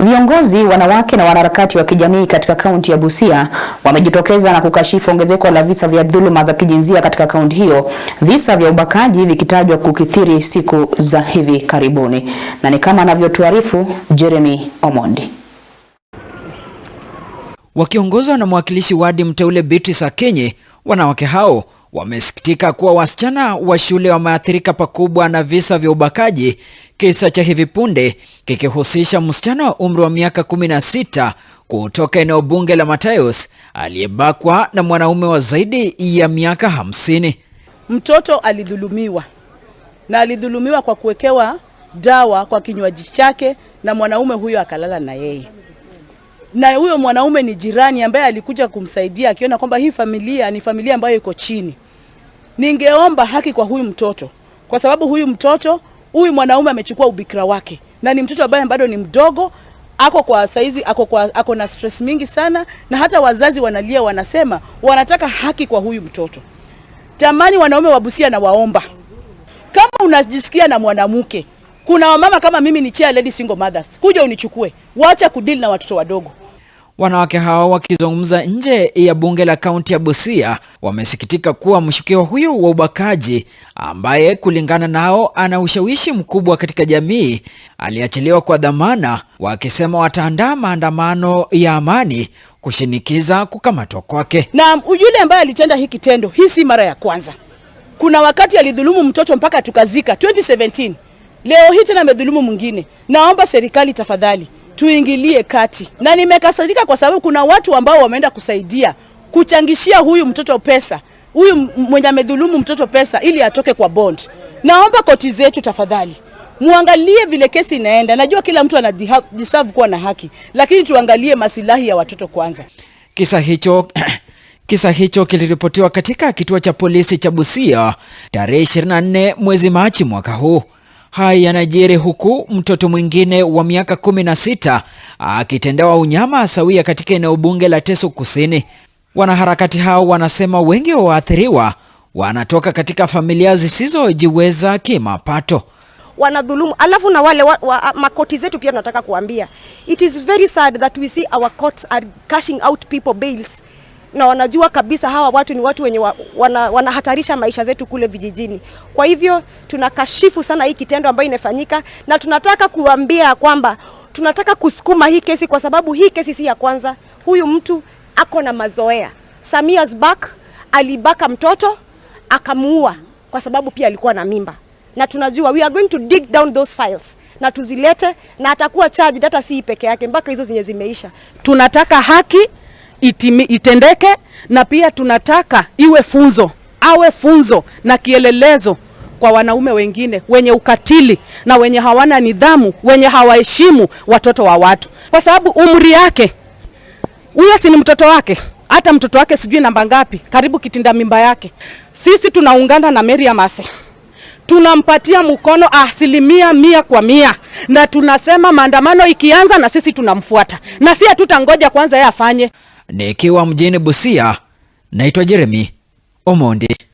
Viongozi wanawake na wanaharakati wa kijamii katika kaunti ya Busia wamejitokeza na kukashifu ongezeko la visa vya dhuluma za kijinsia katika kaunti hiyo, visa vya ubakaji vikitajwa kukithiri siku za hivi karibuni, na ni kama anavyotuarifu Jeremy Omondi. Wakiongozwa na mwakilishi wadi mteule Beatrice Akenye, wanawake hao wamesikitika kuwa wasichana wa shule wameathirika pakubwa na visa vya ubakaji Kisa cha hivi punde kikihusisha msichana wa umri wa miaka 16 kutoka eneo bunge la Matayos aliyebakwa na mwanaume wa zaidi ya miaka hamsini. Mtoto alidhulumiwa na alidhulumiwa kwa kuwekewa dawa kwa kinywaji chake na mwanaume huyo akalala na yeye, na huyo mwanaume ni jirani ambaye alikuja kumsaidia akiona kwamba hii familia ni familia ambayo iko chini. Ningeomba haki kwa huyu mtoto, kwa sababu huyu mtoto huyu mwanaume amechukua ubikira wake, na ni mtoto ambaye bado ni mdogo, ako kwa saizi, ako kwa, ako na stress mingi sana, na hata wazazi wanalia, wanasema wanataka haki kwa huyu mtoto. Jamani, wanaume wa Busia, na waomba kama unajisikia na mwanamke, kuna wamama kama mimi ni chair lady single mothers, kuja unichukue, wacha kudili na watoto wadogo. Wanawake hao wakizungumza nje ya bunge la kaunti ya Busia wamesikitika kuwa mshukiwa huyo wa ubakaji ambaye kulingana nao ana ushawishi mkubwa katika jamii aliachiliwa kwa dhamana, wakisema wataandaa maandamano ya amani kushinikiza kukamatwa kwake. Na yule ambaye alitenda hiki kitendo, hii si mara ya kwanza. Kuna wakati alidhulumu mtoto mpaka tukazika 2017. Leo hii tena amedhulumu mwingine. Naomba serikali tafadhali tuingilie kati, na nimekasirika kwa sababu kuna watu ambao wameenda kusaidia kuchangishia huyu mtoto pesa, huyu mwenye amedhulumu mtoto pesa ili atoke kwa bond. Naomba koti zetu tafadhali muangalie vile kesi inaenda. Najua kila mtu anajisavu kuwa na haki, lakini tuangalie masilahi ya watoto kwanza. Kisa hicho Kisa hicho kiliripotiwa katika kituo cha polisi cha Busia tarehe 24 mwezi Machi mwaka huu. Haya yanajiri huku mtoto mwingine wa miaka kumi na sita akitendewa unyama sawia katika eneo bunge la Teso Kusini. Wanaharakati hao wanasema wengi wa waathiriwa wanatoka katika familia zisizojiweza kimapato wanadhulumu alafu na wale wa, wa, makoti zetu pia tunataka kuambia it is very sad that we see our courts are cashing out people bails na wanajua kabisa hawa watu ni watu wenye wa, wana, wanahatarisha maisha zetu kule vijijini. Kwa hivyo tunakashifu sana hii kitendo ambayo inafanyika, na tunataka kuambia kwamba tunataka kusukuma hii kesi, kwa sababu hii kesi si ya kwanza. Huyu mtu ako na mazoea. Samia's back alibaka mtoto akamuua, kwa sababu pia alikuwa na mimba, na tunajua we are going to dig down those files na tuzilete, na atakuwa charged, hata si peke yake, mpaka hizo zenye zimeisha. Tunataka haki itimi, itendeke na pia tunataka iwe funzo, awe funzo na kielelezo kwa wanaume wengine wenye ukatili na wenye hawana nidhamu, wenye hawaheshimu watoto wa watu, kwa sababu umri yake huyo si ni mtoto wake hata mtoto wake sijui namba ngapi, karibu kitinda mimba yake. Sisi tunaungana na ya mase tunampatia mkono asilimia mia kwa mia, na tunasema maandamano ikianza na sisi tunamfuata, na si hatutangoja kwanza yeye afanye. Nikiwa mjini Busia, naitwa Jeremy Omondi.